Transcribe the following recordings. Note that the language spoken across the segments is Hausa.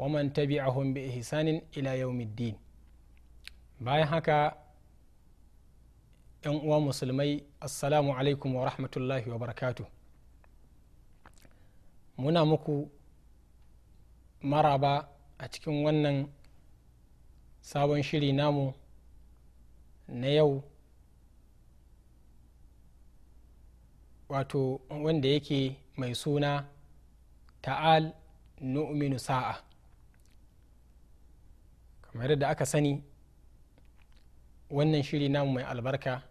waman tabi'ahum bi ihsanin ila yawmiddin bayan haka yan uwa musulmai assalamu alaikum wa rahmatullahi wa barakatu muna muku maraba a cikin wannan sabon shiri namu na yau wato wanda yake mai suna ta'al nu'minu sa'a kamar da aka sani wannan shiri namu mai albarka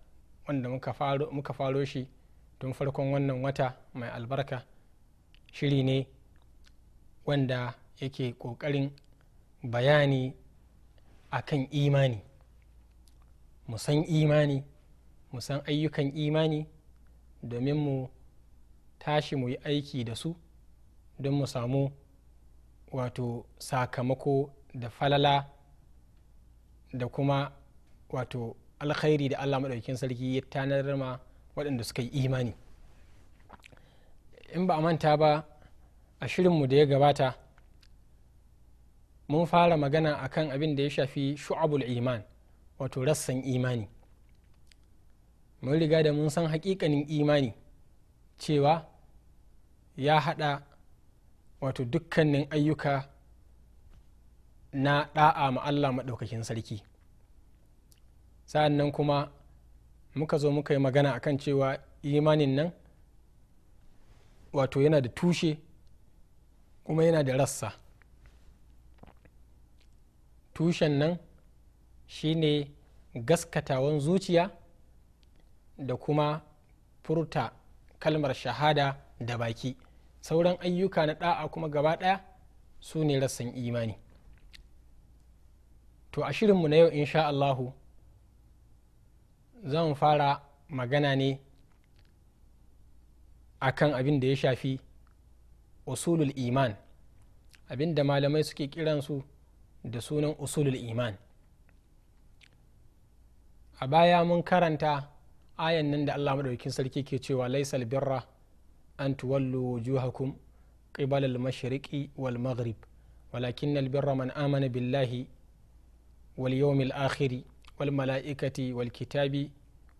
wanda muka faro shi tun farkon wannan wata mai albarka shiri ne wanda yake ƙoƙarin bayani a kan imani musan imani musan ayyukan imani domin mu tashi mu yi aiki da su don mu samu wato sakamako da falala da kuma wato alkhairi da allah maɗaukin sarki ya tanar ma waɗanda suka yi imani in ba a manta ba a shirin mu da ya gabata mun fara magana akan abin da ya shafi shu'abul iman wato rassan imani mun riga da mun san hakikanin imani cewa ya haɗa wato dukkanin ayyuka na da'a ma allah maɗaukakin sarki sa'an kuma muka zo muka yi magana akan cewa imanin nan wato yana da tushe kuma yana da rassa tushen nan shine gaskatawan zuciya da kuma furta kalmar shahada da baki sauran ayyuka na da'a kuma gaba ɗaya su ne rassan imani to a shirinmu na yau insha Allahu zan fara magana ne akan abin da ya shafi usulul iman abin da malamai suke kiransu da sunan usulul iman a baya mun karanta ayan nan da allah maɗaukin sarki ke cewa laisal birra an tuwallu wujuhakum qibala al-mashriqi wal maghrib walakin al-birra man amana billahi wal yawmil akhiri wal mala'ikati wal kitabi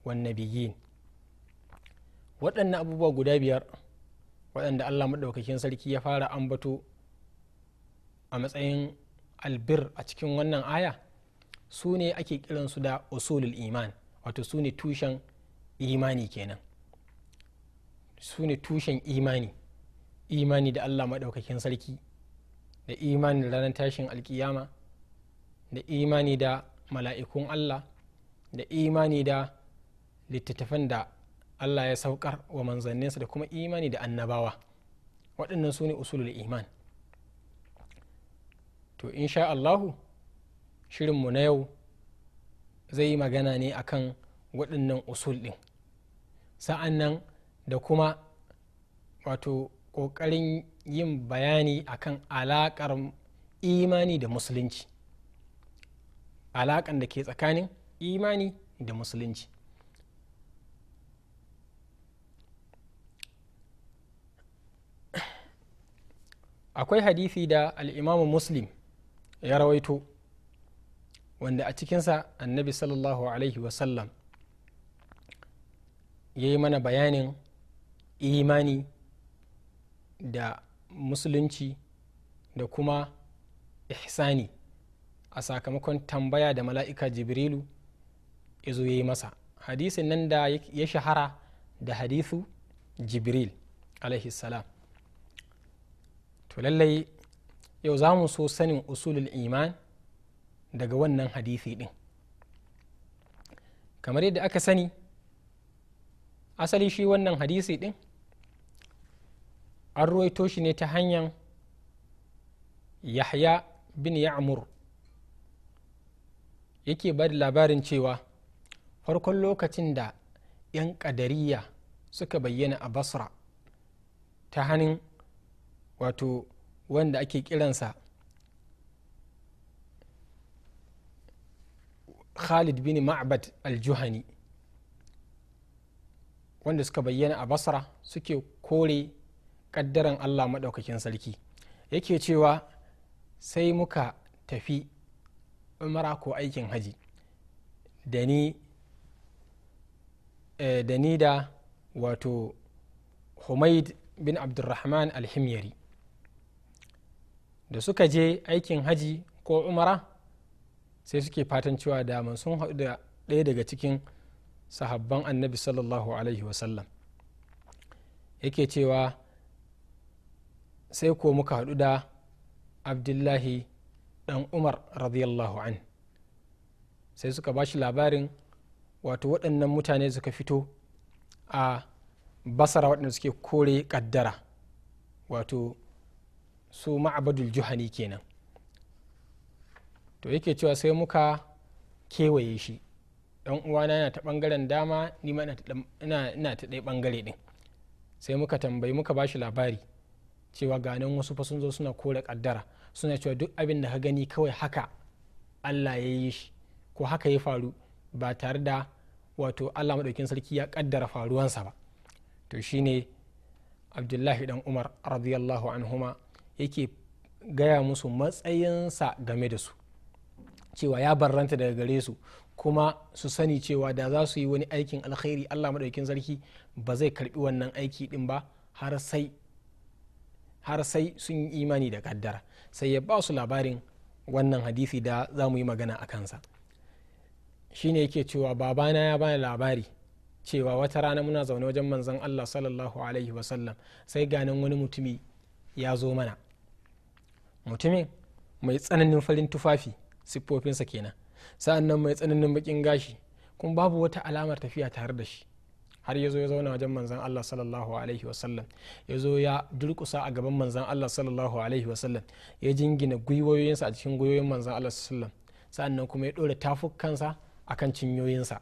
wan nabiyyin waɗannan abubuwa guda biyar waɗanda allah maɗaukakin sarki ya fara ambato a matsayin albir a cikin wannan aya sune ake kiransu da usulul iman wato sune tushen imani kenan sune tushen imani imani da allah maɗaukakin sarki da imani ranar tashin alkiyama da imani da mala'ikun allah da imani da littattafan da allah ya saukar wa manzanninsa da kuma imani da annabawa waɗannan su ne usulul iman to insha allahu shirinmu na yau zai yi magana ne akan waɗannan usul ɗin sa'an nan da kuma wato ƙoƙarin yin bayani akan alaƙar imani da musulunci alaƙan da ke tsakanin imani da musulunci akwai hadithi da al'imamu muslim ya rawaito wanda a cikinsa annabi sallallahu alaihi wasallam ya yi mana bayanin imani da musulunci da kuma ihsani a sakamakon tambaya da mala'ika jibrilu ya zo ya yi masa hadisin nan da ya shahara da hadithu jibril alaihi salam to lallai yau za mu so sanin usulul iman daga wannan hadithi din kamar yadda aka sani asali shi wannan hadisi din an ruwaito shi ne ta hanyar yahya bin ya'mur yake bada labarin cewa farkon lokacin da 'yan ƙadariya suka bayyana a basra ta hannun wato wanda ake kiransa khalid bin ma'bad aljuhani wanda suka bayyana a basra suke kore kaddaran allah maɗaukakin sarki yake cewa sai muka tafi umara ko aikin haji da ni eh, da wato humaid bin abdulrahman alhimyari da suka je aikin haji ko umara sai suke fatan cewa daman sun haɗu da ɗaya daga cikin sahabban annabi sallallahu alaihi wasallam yake cewa sai ko muka haɗu da abdullahi dan umar radiyallahu an sai suka bashi labarin wato waɗannan mutane suka fito a basara waɗanda suke kore kaddara wato su ma'abadul juhani kenan to yake cewa sai muka kewaye shi dan uwana yana ta ɓangaren dama ni ma ina ta ɗaya ɓangare ɗin sai muka tambayi muka bashi labari cewa ganin wasu fa sun zo suna kore kaddara. suna cewa duk abin da ka gani kawai haka allah ya yi shi ko haka ya faru ba tare da wato allah maɗaukin sarki ya ƙaddara faruwansa ba to shine abdullahi dan umar radiyallahu anhuma yake gaya musu matsayinsa game da su cewa ya barranta daga gare su kuma su sani cewa da za su yi wani aikin alkhairi allah maɗaukin sarki ba zai karbi wannan aiki din ba har sai sun yi imani da kaddara sai ya ba su labarin wannan hadisi da za mu yi magana a kansa shine yake cewa babana ya bani labari cewa wata rana muna zaune wajen manzon Allah sallallahu alaihi wasallam sai ganin wani mutumi ya zo mana mutumin mai tsananin farin tufafi siffofinsa kenan sa'an nan mai tsananin bakin gashi kuma babu wata alamar tafiya tare da shi har ya zo ya zauna wajen manzan Allah sallallahu alaihi wasallam ya zo ya durkusa a gaban manzan Allah sallallahu alaihi wasallam ya jingina gwiwoyinsa a cikin gwiwoyin manzan Allah sallallahu sa'annan kuma ya ɗora tafukansa a kan cinyoyinsa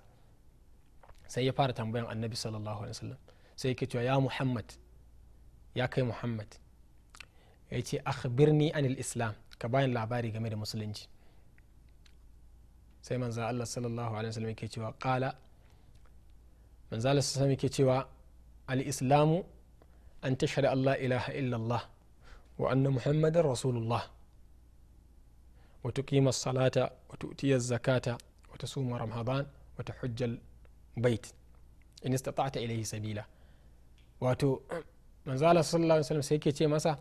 sai ya fara tambayan annabi sallallahu alaihi wasallam sai yake cewa ya muhammad ya kai muhammad ya ce akhbirni anil islam ka bayan labari game da musulunci sai manzan Allah sallallahu alaihi wasallam yake cewa qala manzala su sami ke cewa al-islamu an tashhadu allah ilaha illallah wa anna muhammadan rasulullah wa salata wa tu'tiya zakata wa tasuma ramadan wa tahujja bait in istata'ta ilayhi sabila wato manzala sallallahu alaihi sai ce masa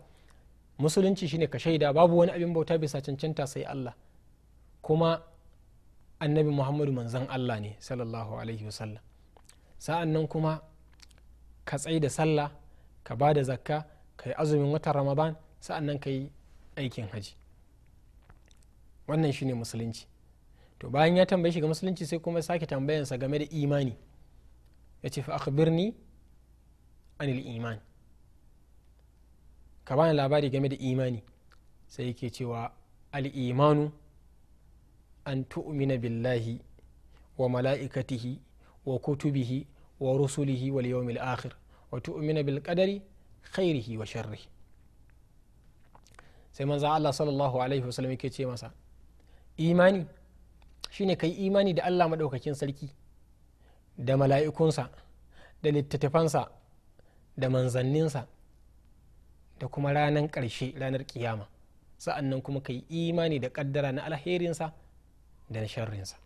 musulunci shine ka shaida babu wani abin bauta bisa cancanta sai Allah kuma annabi Muhammadu manzon Allah ne sallallahu alaihi wasallam sa'an nan kuma ka tsai da sallah ka ba da zakka ka yi azumin watan ramadan sa'an nan ka yi aikin haji wannan shi ne musulunci to bayan ya tambaye shi ga musulunci sai kuma sake tambayansa game da imani ya ce fa birni anil iman ka bani labari game da imani sai yake cewa al'imanu an tu'umina billahi wa mala'ikatihi wa kutubihi wa rusulihi wal yawmil akhir wa tu'mina bil qadari khairihi wa sharrihi sai manza Allah sallallahu alaihi wasallam yake ce masa imani shine kai imani da Allah maɗaukakin sarki da mala'ikunsa da littattafansa da manzanninsa da kuma ranar ƙarshe ranar kiyama sa'annan kuma kai imani da ƙaddara na alherinsa da na sharrinsa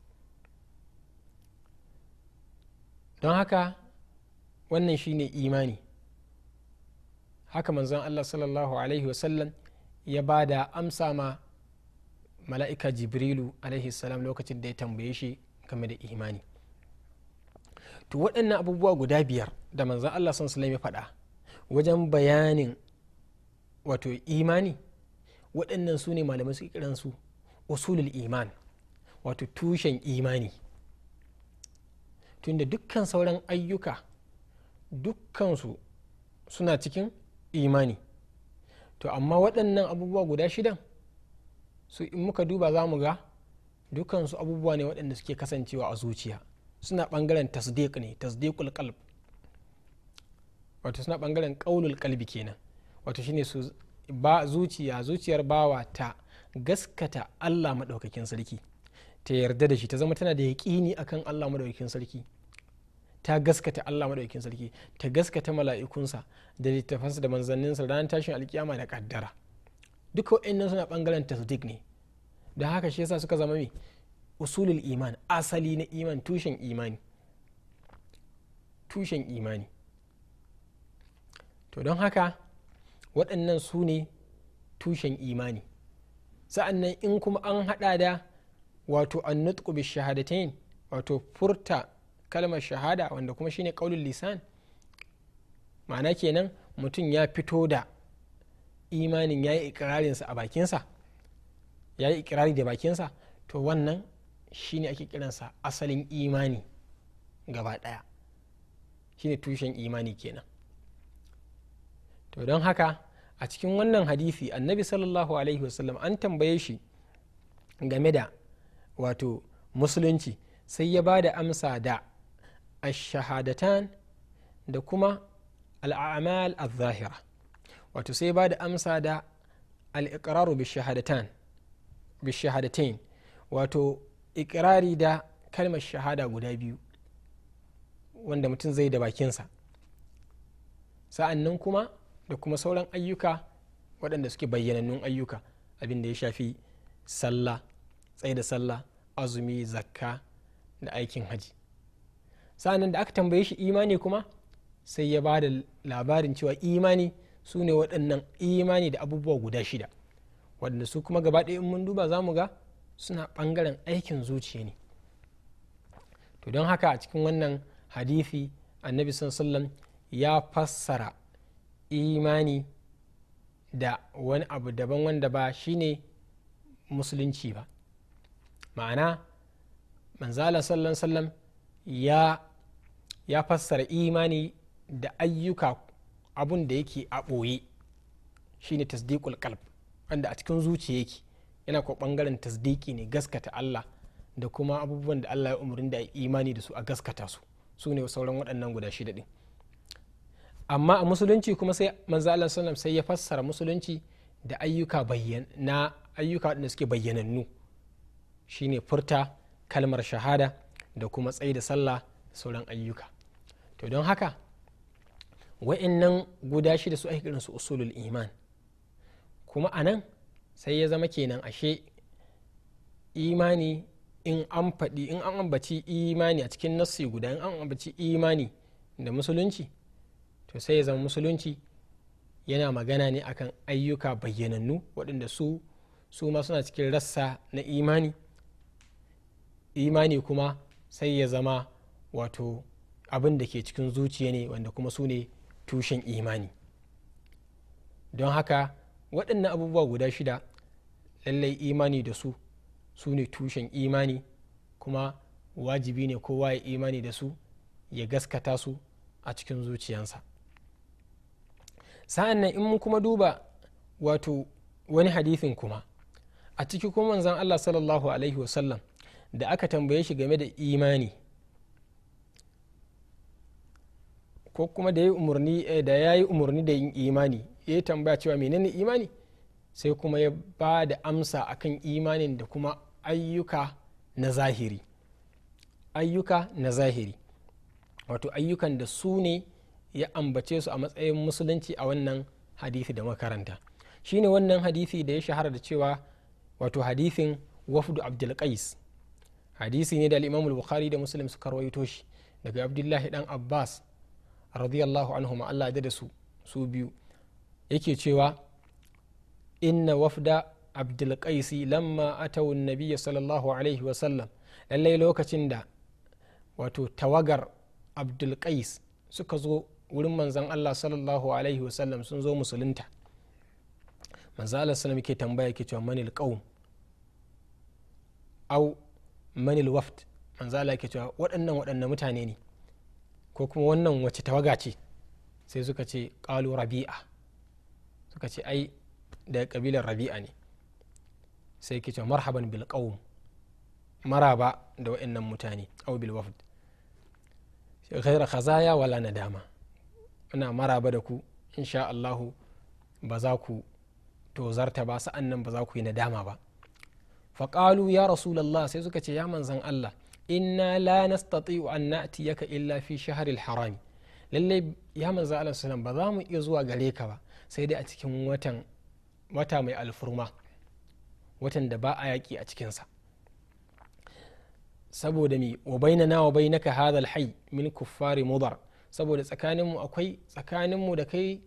don haka wannan shine imani haka manzon allah sallallahu alaihi wasallam ya ba da amsa ma mala'ika jibrilu alaihi salam lokacin da ya tambaye shi game da imani to waɗannan abubuwa guda biyar da manzon allah sallallahu ya faɗa wajen bayanin wato imani waɗannan su ne malamai su kiransu usulul iman wato tushen imani tunda dukkan sauran ayyuka dukkansu suna cikin imani to amma waɗannan abubuwa guda shidan su in muka duba za mu ga dukkansu abubuwa ne waɗanda suke kasancewa a zuciya suna ɓangaren tasdiq ne tasdiqul qalb wato suna ɓangaren ƙaulul ƙalbi kenan wato shine su ba zuciya zuciyar bawa ta gaskata allah maɗaukakin sarki ta yarda da shi ta zama tana da yaƙini akan Allah madaukakin sarki ta gaskata Allah madaukakin sarki ta gaskata mala'ikunsa da littafansa da sa ranar tashin alkiyama da kaddara duk wa'annan suna bangaren tasdik ne da haka shi yasa suka zama mai usulul iman asali na iman tushen imani tushen imani to don haka waɗannan su ne tushen imani sa'annan in kuma an haɗa da wato annutqu bi shahadatain wato furta kalmar shahada wanda kuma shine kaulul lisan ma'ana kenan mutum ya fito da imanin ya yi ikirarinsa a bakinsa ya yi ikirari da bakinsa to wannan shine ake kiransa asalin imani gaba ɗaya shine tushen imani kenan to don haka a cikin wannan hadisi annabi sallallahu alaihi wasallam an tambaye shi game da wato musulunci sai ya ba da amsa da ashahadatan da kuma al'amal al-zahira wato sai ba da amsa da al'iƙararu bishahadatain wato ikirari da kalmar shahada guda biyu wanda mutum zai da bakinsa sa'an nan kuma da kuma sauran ayyuka waɗanda suke bayyanannun ayyuka abin da ya shafi sallah tsaye da sallah azumi zakka da aikin haji sa'annan da aka tambaye shi imani kuma sai ya ba da labarin cewa imani su ne waɗannan imani da abubuwa guda shida waɗanda su kuma gaba ɗaya in mun duba za mu ga suna ɓangaren aikin zuciya ne to don haka a cikin wannan hadithi annabi sallam ya fassara imani da wani abu daban wanda ba shine musulunci ba ma'ana manzalan sallan sallam ya ya fassara imani da ayyuka abun da yake a ɓoye shine tasdiqul qalb wanda a cikin zuciya yake yana ko bangaren tasdiki ne gaskata Allah da kuma abubuwan da Allah ya umurin da imani da su a gaskata su su ne sauran waɗannan guda shida din amma a musulunci kuma sai manzo Allah sallam sai ya fassara musulunci da ayyuka bayyana ayyuka da suke bayyanannu shine furta kalmar shahada da kuma tsayi da sallah sauran ayyuka to don haka wa'annan guda shi da su ake su usulul iman kuma a nan sai ya zama kenan ashe imani in an faɗi in an ambaci imani a cikin nassi guda in an ambaci imani da musulunci to sai ya zama musulunci yana magana ne akan ayyuka bayyanannu waɗanda su su ma suna cikin rassa na imani imani kuma sai ya zama wato abin da ke cikin zuciya ne wanda kuma su ne tushen imani don haka waɗannan abubuwa guda shida lallai imani da su su ne tushen imani kuma wajibi ne kowa ya imani da su ya gaskata su a cikin zuciyansa sa'an nan in mu kuma duba wato wani hadithin kuma a ciki kuma manzan allah sallallahu alaihi wasallam da aka tambaye shi game da imani ko kuma da ya eh, yi umarni da yin imani ya tambaya cewa menene imani sai kuma ya ba da amsa akan imanin da kuma ayyuka na zahiri ayyuka na zahiri wato ayyukan da su ne ya ambace su a matsayin musulunci a wannan hadithi da makaranta shine wannan hadithi da ya shahara da cewa wato hadithin wafdu abdulkais hadisi ne da al bukhari da muslim suka rawaito shi daga abdullahi dan abbas radiyallahu anhu Allah da su su biyu yake cewa inna wafda abdul qaisi lamma atawu nabiyya sallallahu alaihi wa sallam lallai lokacin da wato tawagar abdul qais suka zo wurin manzan Allah sallallahu alaihi wa sallam sun zo musulunta maza Allah sallam ke tambaya ke cewa manil qaum au manil waft an Allah ke cewa waɗannan waɗannan mutane ne ko kuma wannan wace tawaga ce sai suka ce ƙalu rabi'a suka ce ai daga ƙabilar rabi'a ne sai ke cewa marhaban bil maraba da waɗannan mutane au bil wafd kaza khazaya wala nadama ina maraba da ku insha Allahu ba za ku tozarta ba sa'an nan ba za ku yi nadama ba faƙalu ya rasu rasulallah sai suka ce ya manzan allah inna la nastati'u an na'tiyaka illa fi shahril harami lallai ya manzan allah sallam ba za mu iya zuwa gareka ba sai dai a cikin wata mai alfurma watan da ba a yaƙi a cikinsa saboda mi wa bainana wa bainaka hadal hayy min kuffari mudar saboda tsakaninmu da kai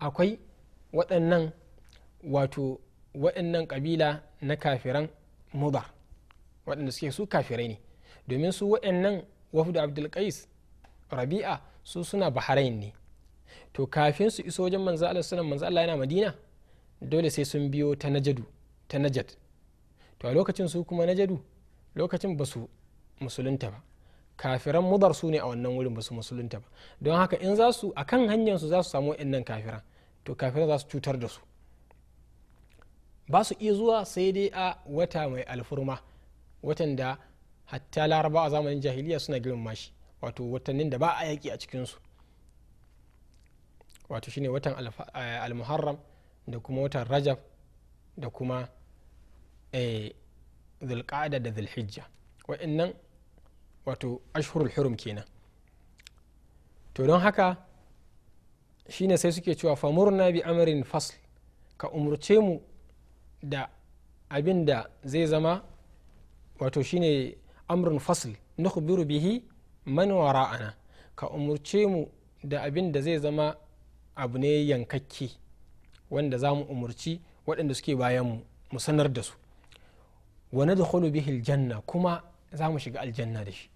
akwai waɗannan ƙabila na kafiran mudar waɗanda suke su kafirai ne domin su waɗannan wafdu abdulkais rabi'a su suna baharain ne to kafin su iso wajen manzo Allah sunan manzo Allah yana Madina dole sai sun biyo ta Najadu ta Najad to a lokacin su kuma Najadu lokacin ba su musulunta ba kafiran mudar su ne a wannan wurin ba su musulunta ba don haka in za su a kan hanyar su za su samu waɗannan kafiran to kafiran za su cutar da su ba su iya zuwa sai dai a wata mai alfurma watan da hatta laraba a zamanin jahiliya suna girmama shi wato watannin da ba a yaƙi a cikinsu wato shine watan eh, almuharram da kuma watan rajab da kuma zulqa'ada eh, da zulhijja wa'annan wato ashhurul hurum kenan to don haka shine sai suke cewa famurna bi amrin fasl ka umurce mu da abin da zai zama wato shine amrun fasl na bihi manuwa ra'ana ka umurce mu da abin da zai zama abu ne yankakke wanda za mu umurci waɗanda suke bayan mu mu sanar da su da nadkhulu bihi aljanna kuma za mu shiga aljanna da shi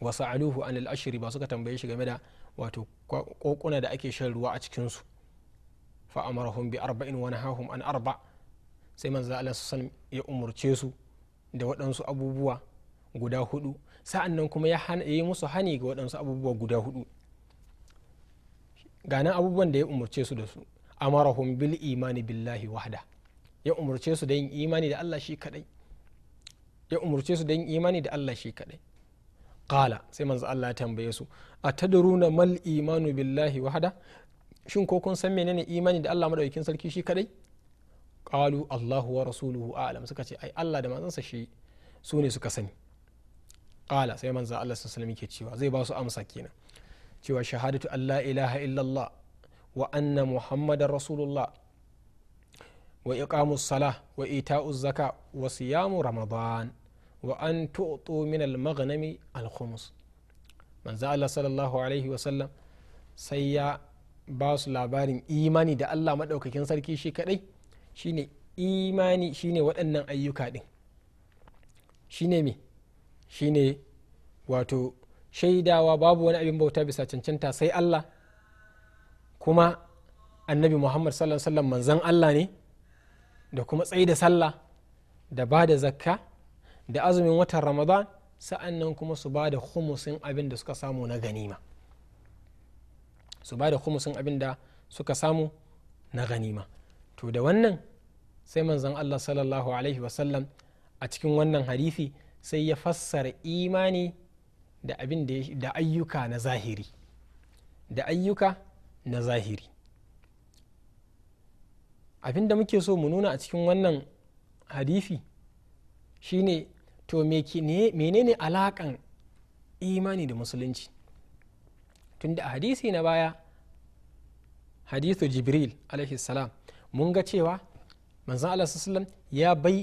wasu aluhu an al'ashiri ba suka tambaye shi game da wato kokuna da ake shan ruwa a cikinsu. fa amarahum bi arba'in wani nahahum an arba sai manzo Allah sallallahu ya umarce su da waɗansu abubuwa guda hudu sa'an nan kuma ya yi musu hani ga waɗansu abubuwa guda hudu Ganin abubuwan da ya umarce su da su amarahum bil imani billahi wahda ya umarce su da yin imani da Allah shi kadai ya umarce su da yin imani da Allah shi kadai qala sai manzo Allah ya tambaye su atadruna mal imanu billahi wahda shin ko kun san menene imani da Allah madaukakin sarki shi kadai qalu Allahu wa rasuluhu a'lam suka ce ai Allah da manzansa shi su ne suka sani qala sai manzo Allah sallallahu alaihi cewa zai ba su amsa kenan cewa shahadatu an la ilaha illallah wa anna muhammadar rasulullah wa iqamus salah wa ita'uz zaka wa siyamu ramadan wa an tu'tu min al-maghnami al-khums manzo Allah sallallahu alaihi wa sallam sai ya ba su labarin imani da allah maɗaukakin sarki shi kaɗai shine imani shine waɗannan ayyuka ɗin shine me shine wato shaidawa babu wani abin bauta bisa cancanta sai allah kuma annabi muhammad sallallahu alaihi sallam manzan allah ne da kuma tsayi da sallah da ba da zakka da azumin watan ramadan sa'annan kuma su ba da humusin abin da suka samu na ganima. su ba da sun abin da suka samu na ganima to da wannan sai manzon Allah sallallahu alaihi wasallam a cikin wannan harifi sai ya fassara imani da abin da ayyuka na zahiri da ayyuka na zahiri abin da muke so mu nuna a cikin wannan hadifi shine to menene alakan imani da musulunci tunda a hadisi na baya hadithu jibril alaihi salam mun ga cewa manzon allah sallam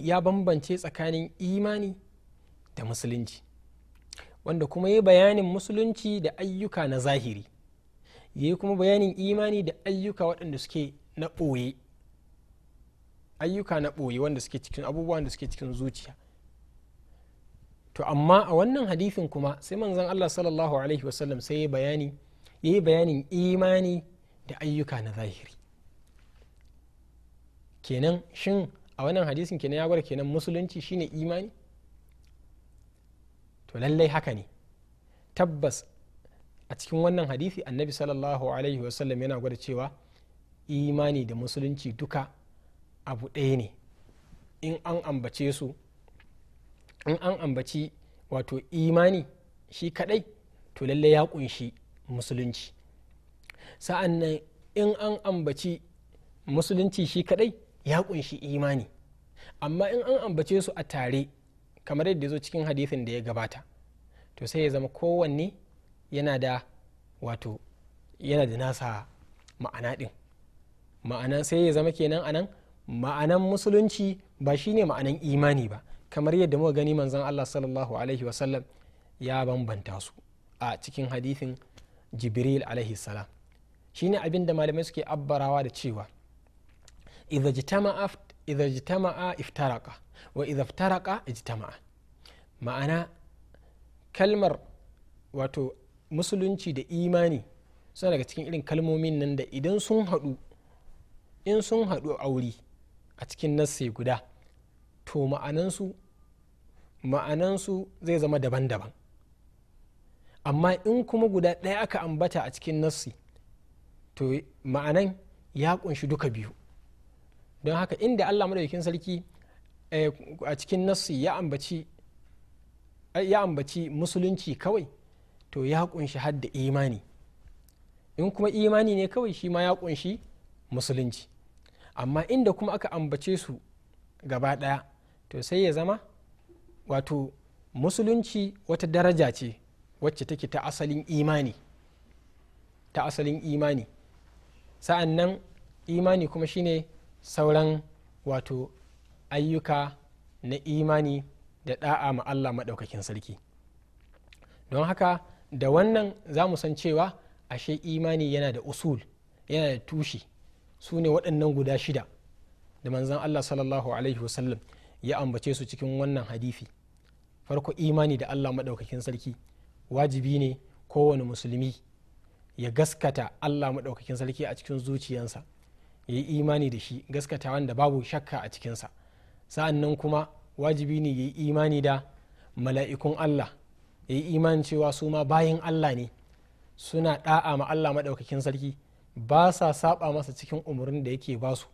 ya bambance tsakanin imani da musulunci wanda kuma yi bayanin musulunci da ayyuka na zahiri ya yi kuma bayanin imani da ayyuka waɗanda suke na ɓoye ayyuka na ɓoye wanda suke cikin abubuwan da suke cikin zuciya to amma a wannan hadifin kuma sai manzon Allah sallallahu alaihi wasallam sai ya bayani Ya yi bayanin imani da ayyuka na zahiri kenan shin a wannan hadisin kenan ya gwada kenan musulunci shine imani to lallai haka ne tabbas a cikin wannan hadisi annabi sallallahu alaihi wasallam yana gwada cewa imani da musulunci duka abu ɗaya ne in an ambace su in an ambaci wato imani shi kadai to lalle ya kunshi musulunci sa'an nan in an ambaci musulunci shi kadai ya kunshi imani amma in an ambace su a tare kamar yadda zo cikin hadithin da ya gabata to sai ya zama kowanne yana da wato yana da nasa ma'ana ɗin ma'ana sai ya zama kenan anan ma'anan musulunci ba shine ma'anan imani ba kamar yadda muka gani manzon Allah sallallahu alaihi wasallam ya bambanta su a cikin hadithin jibril alaihi salam shine abin da malamai suke abbarawa da cewa idza jitama'a iftaraqa wa idza iftaraqa ijtama'a ma'ana kalmar wato musulunci da imani suna daga cikin irin kalmomin nan da idan sun haɗu in sun haɗu aure a cikin nasse guda to ma'anansu ma'anansu zai zama daban-daban amma in kuma guda ɗaya aka ambata a cikin nassi to ma'anan ya kunshi duka biyu don haka inda allah madaukin sarki eh, a cikin nassi ya ambaci musulunci kawai to ya kunshi hadda imani in kuma imani ne kawai shi ma ya kunshi musulunci amma inda kuma aka ambace su gaba ɗaya to sai ya zama wato musulunci wata daraja ce wacce take ta asalin imani ta asalin imani sa'an nan imani kuma shine sauran wato ayyuka na imani da da'a ma Allah maɗaukakin sarki don haka da wannan za mu san cewa ashe imani yana da usul yana da tushe su ne waɗannan guda shida da manzan Allah sallallahu alaihi wasallam ya ambace su cikin wannan hadifi farko imani da allah maɗaukakin sarki wajibi ne kowane musulmi ya gaskata allah maɗaukakin sarki a cikin zuciyansa ya yi imani da shi gaskata wanda babu shakka a cikinsa sa'an nan kuma wajibi ne ya yi imani da mala'ikun allah ya yi imani cewa su ma bayan allah ne suna ɗa'a ma allah maɗaukakin sarki ba sa saba masa cikin umarnin da yake basu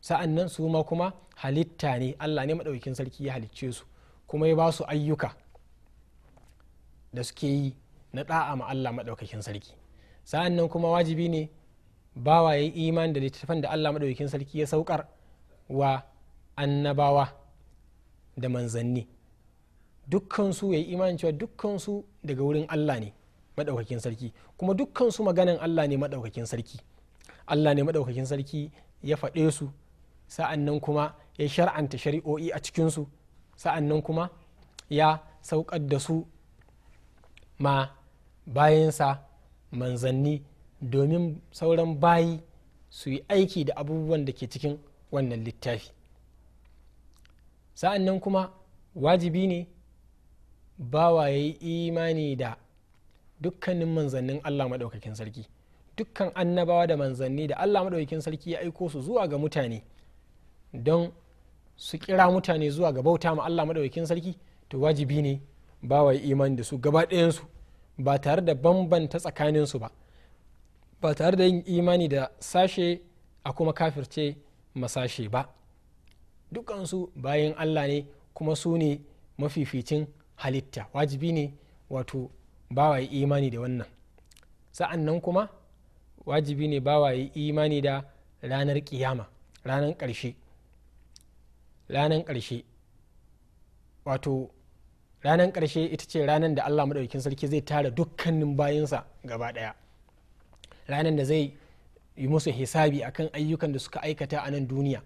sa'an nan su ma kuma halitta ne allah ne maɗaukin sarki ya halicce su kuma ya ba su ayyuka da suke yi na ɗa'a ma allah maɗaukakin sarki sa'an nan kuma wajibi ne bawa ya yi imani da littattafan da allah maɗaukin sarki ya saukar wa annabawa da manzanni dukkansu ya yi imanin cewa dukkansu daga wurin allah ne maɗaukakin sarki kuma dukkansu maganin allah ne maɗaukakin sarki allah ne maɗaukakin sarki ya faɗe su sa'an nan kuma ya shar'anta shari'o'i a cikinsu sa'an nan kuma ya sauƙar da su ma bayansa manzanni domin sauran bayi su yi aiki da abubuwan da ke cikin wannan littafi sa'an nan kuma wajibi ne bawa ya yi imani da dukkanin manzannin allah maɗaukakin sarki dukkan annabawa da manzanni da allah maɗaukakin sarki ya aiko su zuwa ga mutane don su kira mutane zuwa ga bauta ma Allah madaukakin sarki to wajibi ne ba wa imani da su gaba su ba tare da bambanta su ba ba tare da yin imani da sashe a kuma kafirce masashe ba dukansu bayan Allah ne kuma su ne mafificin halitta wajibi ne wato ba wa imani da wannan sa'an nan kuma wajibi ne ba wa imani da ranar kiyama ranar ƙarshe ranan ƙarshe wato ranan ƙarshe ita ce ranan da allah maɗaukin sarki zai tara dukkanin bayansa gaba ɗaya ranan da zai yi musu hisabi akan ayyukan da suka aikata a nan duniya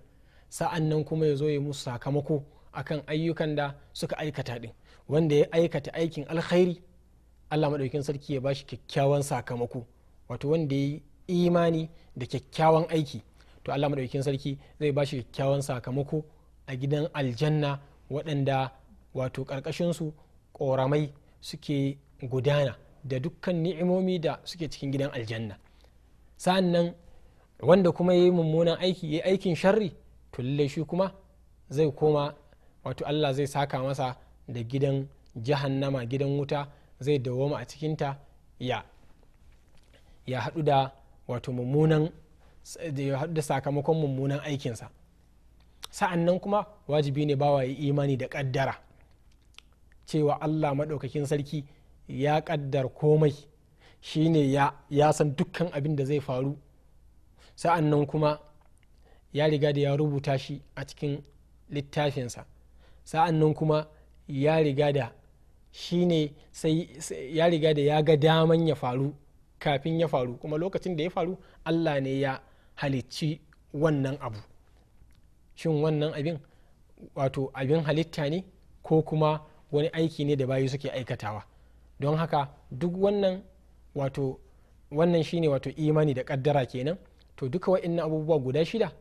sa'an nan kuma ya zo ya musu sakamako akan ayyukan da suka aikata ɗin wanda ya aikata aikin alkhairi allah maɗaukin sarki ya bashi kyakkyawan sakamako wato wanda ya yi imani da kyakkyawan aiki to allah maɗaukin sarki zai bashi kyakkyawan sakamako a gidan aljanna waɗanda wato ƙarƙashinsu ƙoramai suke gudana da dukkan ni'imomi da suke cikin gidan aljanna sa'annan wanda kuma ya yi mummunan aiki ya yi aikin sharri to lallai shi kuma zai koma wato allah zai saka masa da gidan jahannama gidan wuta zai dawoma a cikinta ya ya haɗu da wato mummunan da sakamakon mummunan aikinsa sa'an nan kuma wajibi ne bawa ya imani da kaddara cewa allah maɗaukakin sarki ya kaddar komai shine ya, ya san dukkan abin da zai faru sa'an nan kuma ya riga da ya rubuta shi a cikin littafinsa sa'an nan kuma ya riga da shi ne ya riga da ya ga daman ya faru kafin ya faru kuma lokacin da ya faru allah ne ya halicci wannan abu shin wannan abin wato abin halitta ne ko kuma wani aiki ne da bayi suke aikatawa don haka duk wannan wato wannan shine wato imani da kaddara kenan to duka wa'innan abubuwa guda shida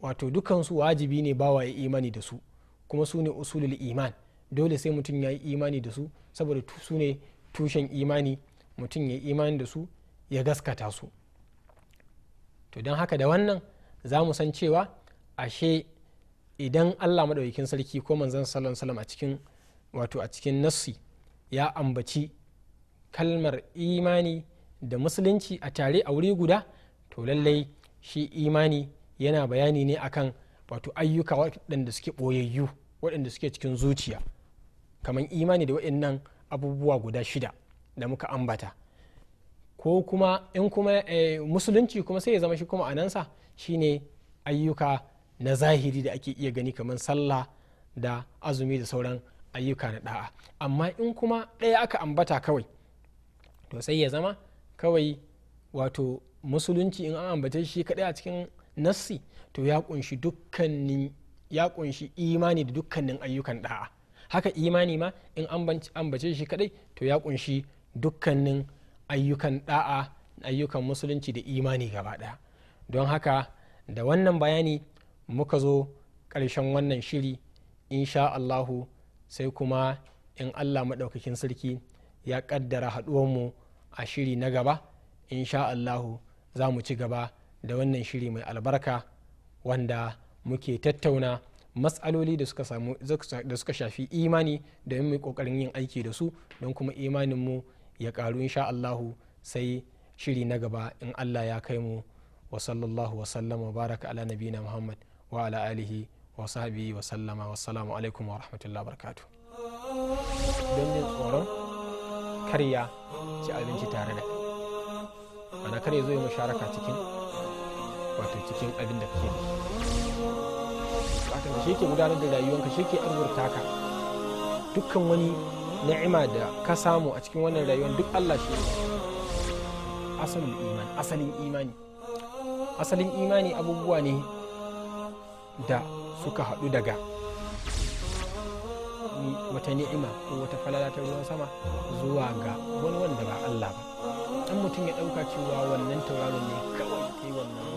wato dukansu wajibi ne bawa ya imani da su kuma su ne usulul iman dole sai mutum ya yi imani da su saboda su ne tushen imani mutum ya yi imani da su ya gaskata su to don haka da wannan za mu san cewa ashe idan allah maɗaukakin sarki ko manzon salon salam a cikin wato a cikin nassi ya ambaci kalmar imani da musulunci a tare a wuri guda to lallai shi imani yana bayani ne akan wato ayyuka waɗanda suke ɓoyayyu waɗanda suke cikin zuciya kamar imani da waɗannan abubuwa guda shida da muka ambata ko kuma in kuma eh, musulunci kuma sai ya zama shi kuma anansa shine ayyuka na zahiri da ake iya gani kamar sallah da azumi da sauran ayyuka na da'a amma in kuma ɗaya aka ambata kawai to sai ya zama kawai wato musulunci in an ambace shi kaɗai a cikin nassi to ya kunshi dukkanin ya kunshi imani da dukkanin ayyukan da'a haka imani ma in ambace shi kaɗai to ya kunshi dukkanin ayyukan da'a ayyukan musulunci da imani gaba ɗaya don haka da wannan bayani muka zo ƙarshen wannan shiri insha allahu sai kuma in allah maɗaukakin sarki ya ƙaddara mu a shiri na gaba insha allahu za mu ci gaba da wannan shiri mai albarka wanda muke tattauna matsaloli da suka shafi imani da mu kokarin yin aiki da su don kuma imaninmu ya karu insha allahu sai shiri na gaba in allah ya kai mu wa sallallahu wa sallama baraka ala nabina muhammad wa ala alihi wa sahbihi wa sallama wassalamu alaikum wa rahmatullahi barakatu don jin tsoron karya ci abinci tare da ana kar ya zo musharaka cikin wato cikin abin da kake da shi ke gudanar da ke dukkan wani ni'ima da ka samu a cikin wannan rayuwar duk Allah shi asalin imani asalin imani asalin imani abubuwa ne da suka haɗu daga wata ni'ima ko wata falala ta ruwan sama zuwa ga wani wanda ba Allah ba dan mutum ya ɗauka cewa wannan tauraron ne kawai ke wannan